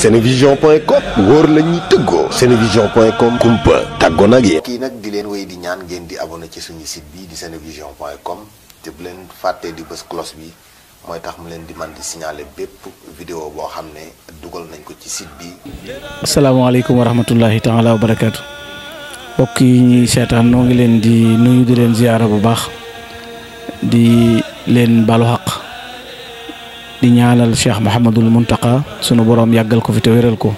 senevision.com wóor la ñuy tëggoo senevision.com kumpa tàggoo nag yéen. kii nag di leen wéy di ñaan ngeen di abonné ci suñu site bi di senevision.com te bu leen fàttee di bës cloche bi mooy tax mu leen di man di signaler bépp vidéo boo xam ne dugal nañ ko ci site bi. asalaamaaleykum wa rahmatullahi taala wa barakaatu. mbokk yi ñuy seetaan noo ngi leen di nuyu di leen ziyaara bu baax di leen baalu di ñaanal Cheikh Mouhamadul Muntaqa sunu boroom yàggal ko fi te wéral ko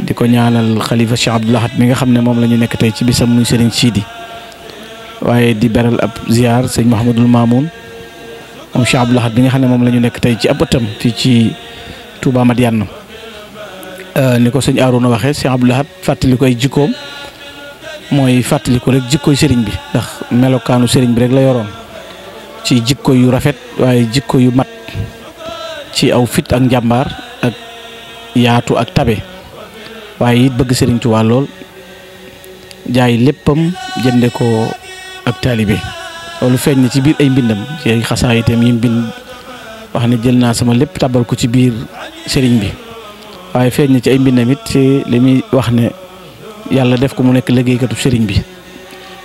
di ko ñaanal xalifa Cheikh Abdoul Ahad mi nga xam ne moom la ñu nekk tey ci bisam muy Serigne Sidi waaye di beral ab ziar sëñ Mouhamadul Mamoun moom Cheikh bi nga xam ne moom la ñu nekk tey ci ab ëttam fii ci Touba Madiane euh, ni ko sëñ Arouna waxee Cheikh Abdoul Ahad fàttali ko ay jikkoom mooy fàttali ko rek jikkooy sëriñ bi ndax melokaanu sëriñ bi rek la yoroon. ci jikko yu rafet waaye jikko yu mat ci aw fit ak njàmbaar ak yaatu ak tabe waaye it bëgg Sëriñ Tuubaa lool jaay léppam jënde ko ak taalibe loolu feeñ ni ci biir ay mbindam ci ay xasaayitam yi mbind wax ne jël naa sama lépp tabal ko ci biir sëriñ bi waaye feeñ na ci ay mbindam it ci li muy wax ne yàlla def ko mu nekk liggéeykatu sëriñ bi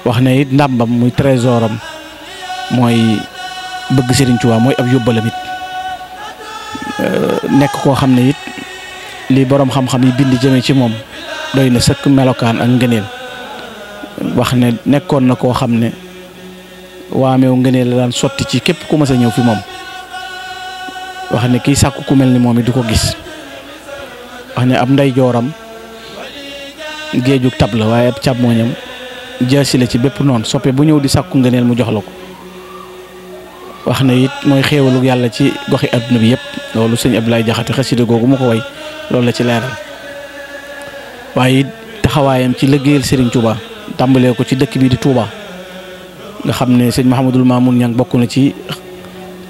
wax ne ndàmbam muy trésoram mooy bëgg Serigne Touba moy ab yóbbalam mit euh, nekk koo xam ne it li borom xam-xam yi bind jëme ci mom doyna na sëkk melokaan ak ngeenel wax ne nekkon na ko xamne ne waameew la daan ci kep ku ma sa ñew fi mom wax ne ki sakku ku melni ni momi du ko gis wax ne ab nday joram geejuk tabla waye ab càmmooñam jaasi la ci bepp non soppe bu ñew di sakku ngeenel mu jox wax na it mooy xéewalug yàlla ci goxi àdduna bi yëpp loolu sëñ Abdoulaye Jaxate xasida googu mu ko way loolu la ci leeral waaye taxawaayam ci liggéeyal Serigne Touba tàmbalee ko ci dëkk bi di Touba nga xam ne sëñ Mahamadul Mamoun Ñang bokk na ci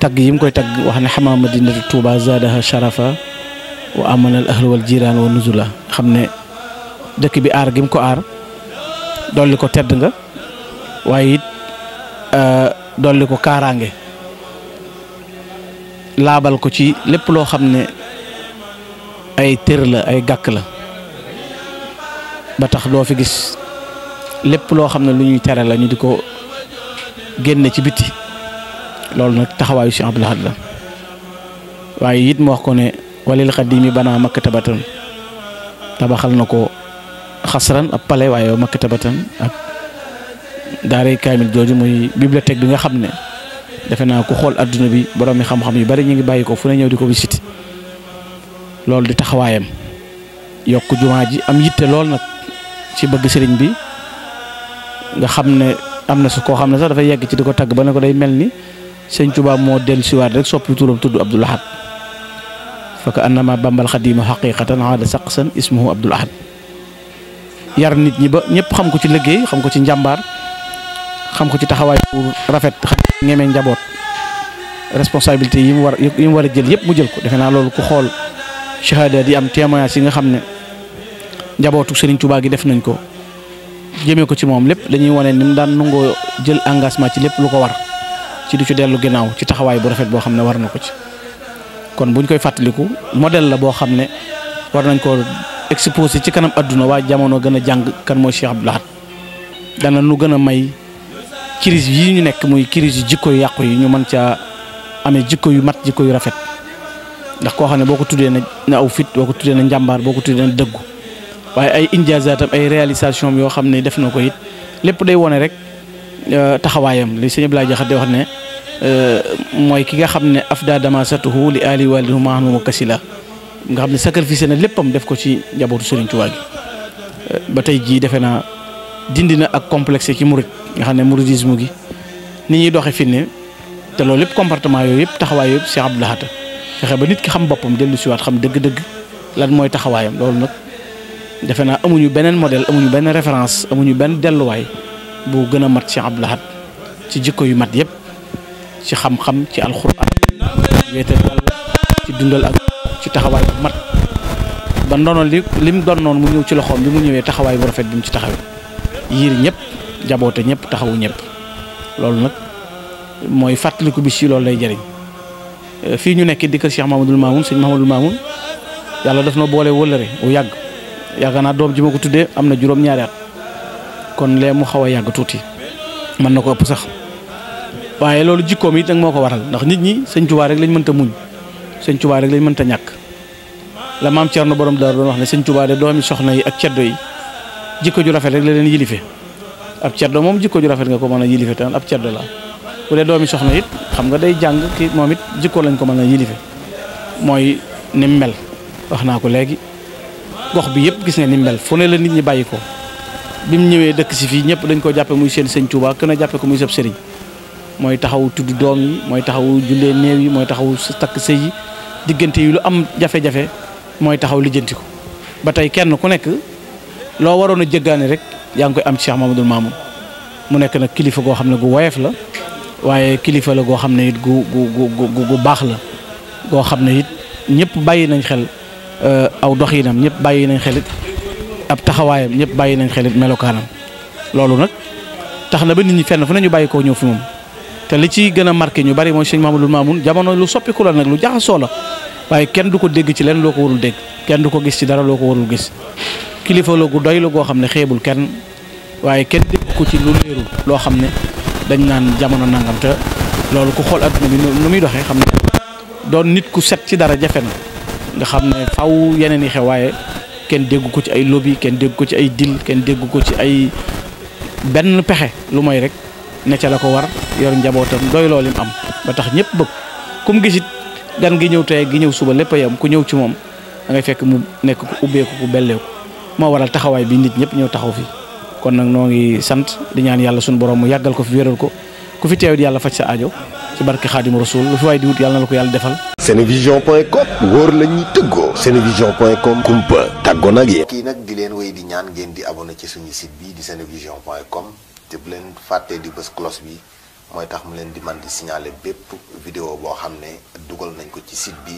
tagg yi mu koy tagg wax ne xamaa madinatu Touba zaadaha sharafa wa amanal ahlu wal jiraan wa nuzula xam ne dëkk bi aar gi mu ko aar dolli ko tedd nga waaye it euh, dolli ko kaaraange laabal ko ci lépp loo xam ne ay tër la ay gàkk la ba tax doo fi gis lépp loo xam ne lu ñuy tere la ñu di ko génne ci biti loolu nag taxawaayu si Abdul laat la waaye it mu wax ko ne walil xadimi banaa maktabatan tabaxal na ko xasran ab pale waaye maktabatan ak daaray kaamil jooju muy bibliothèque bi nga xam ne defena naa ku xool bi borom mi xam-xam yu bari ñi ngi bayiko fu ne ñew diko ko wisit loolu di taxawayam yok jumaa ji am yitte lool nak ci bëgg sëriñ bi nga xamne ne na su ko xamne ne sax dafa yegg ci diko tag ba ne ko day melni ni tuba mo del ci waat rek soppi turum tuddu Abdul Ahad fa ka annama bambal khadim haqiqatan aada saqsan ismuhu Abdul Ahad yar nit ñi ba ñepp xam ko ci liggey xam ko ci njambar xam ko ci taxaway rafet xam ñeme njaboot responsabilité yi mu war yi mu war a jël yëpp mu jël ko defe naa loolu ku xool shahada di am témoignage yi nga xam ne njabootu Serigne Touba gi def nañ ko jëmee ko ci moom lépp dañuy wane ni mu daan nangoo jël engagement ci lépp lu ko war ci du ci dellu ginnaaw ci taxawaay bu rafet boo xam ne war na ko ci. kon buñ koy fàttaliku modèle la boo xam ne war nañ koo exposé ci kanam adduna waa jamono gën a jàng kan mooy Cheikh Abdoul Ahad dana nu gën a may. crise yi ñu nekk muy crise yu jikko yu yàqu yi ñu mën caa amee jikko yu mat jikko yu rafet ndax koo xam ne boo ko tuddee na aw fit boo ko tuddee na njàmbaar boo ko tuddee na dëggu waaye ay injazaatam ay réalisation yoo xam ne def na ko it lépp day wone rek euh, taxawaayam li sëñ Abdoulaye Jaxate di wax ne euh, mooy ki nga xam ne afda damasatuhu li ali walidu maanuma la nga xam ne sacrifice na léppam def ko ci njabootu Sëriñ Tuubaa gi euh, ba tey jii defe naa dindina ak complexe ci mourid nga xamne mouridisme gi ni ñi doxé fini té lool loolu comportement yoy yëpp taxaway yëpp Cheikh Abdou Lahad fexe ba nit ki xam delu ci wat xam deug deug lan moy taxawayam lool nak defe na amuñu benen model amuñu benen référence amuñu benn way bu gëna mat Cheikh Abdou Lahad ci jikko yu mat yëpp ci xam-xam ci alquran wété ci dundal ak ci taxaway bu mat ba ndonol li lim doon non mu ñew ci loxom bi mu ñewé taxaway bu rafet bi mu ci taxawee yiir ñëpp jaboote ñëpp taxawu ñëpp loolu nag mooy fàttaliku bi ci loolu lay jëriñ euh, fii ñu nekk di kër Cheikh Mahamadul si sëñ Mahamadul Mamoun yàlla daf na boole wëllëre bu yàgg yaakaar naa doom ji ma ko tuddee am na juróom-ñaari kon lee mu xaw a yàgg tuuti mën na ko ëpp sax waaye loolu jikkoom it nag moo ko waral ndax nit ñi sëñ Tuubaa rek lañ mënta muñ sëñ Tuubaa rek lañ mënta ñàkk la maam Cerno borom Daaru doon wax ne sëñ Tuubaa de doomi soxna yi ak ceddo yi jikko ju rafet rek la leen yilife ab ceddo moom jikko ju rafet nga ko mën a yilife tan ab ceddo la bu dee doomi soxna it xam nga day jàng ki moom it jikko lañ ko mën a yilife mooy ni mu mel wax naa ko léegi gox bi yëpp gis nga ni mu mel foo ne la nit ñi bàyyi ko bi mu ñëwee dëkk si fii ñëpp dañ ko jàppe muy seen sëñ Tuubaa kenn a jàppe ko muy sab sëriñ mooy taxaw tudd doom yi mooy taxaw jullee néew yi mooy taxaw takk sëy yi diggante yi lu am jafe-jafe mooy taxaw lijjanti loo waroon a jëggaani rek yaa ngi koy am ci Cheikh Mamadou Mamoun mu nekk nag kilifa goo xam ne gu woyof la waaye kilifa la goo xam ne it gu gu gu gu baax la goo xam ne it ñëpp bàyyi nañ xel euh, aw doxinam ñëpp bàyyi nañ xel it ab taxawaayam ñëpp bàyyi nañ xel melokaanam loolu nag tax na ba nit ñi fenn fu nañu bàyyi koo ñëw fi moom te li ci gën a marqué ñu bari moo mooy sëñ Mamadou Mamoun jamono lu soppiku la nag lu jaxasoo la waaye kenn du ko dégg ci leen loo ko warul dégg kenn du ko gis ci dara loo ko warul gis kilifa la gu doy la goo xam ne xeebul kenn waaye kenn dégg ko ci lu leerul loo xam ne dañ naan jamono nangam loolu ku xool adduna bi nu muy doxee xam ne doon nit ku set ci dara jafe na nga xam ne faw yeneen yi xew waaye kenn dégg ko ci ay lobby kenn dégg ko ci ay dil kenn dégg ko ci ay benn pexe lu moy rek ne ca la ko war yor njabootam doy loo am ba tax ñëpp bëgg kum gisit gan gi ñëw tey gi ñëw suba lépp a yam ku ñëw ci moom da ngay fekk mu nekk ubbeeku ku belleeku moo waral taxawaay bi nit ñëpp ñëw taxaw fi kon nag noo ngi sant di ñaan yàlla suñu borom mu yàggal ko fi wéral ko ku fi teewit yàlla faj sa ajo ci barke xaadim rasul lu fi waay di wut yàlla na ko yàlla defal. senevision.com wóor la ñuy tëggoo senevision.com kumpa tàggoo nag yéen. kii nag di leen wéy di ñaan ngeen di abonné ci suñu site bi di senevision.com te bu leen fàttee di bës cloche bi mooy tax mu leen di man di signaler bépp vidéo boo xam ne dugal nañ ko ci site bi.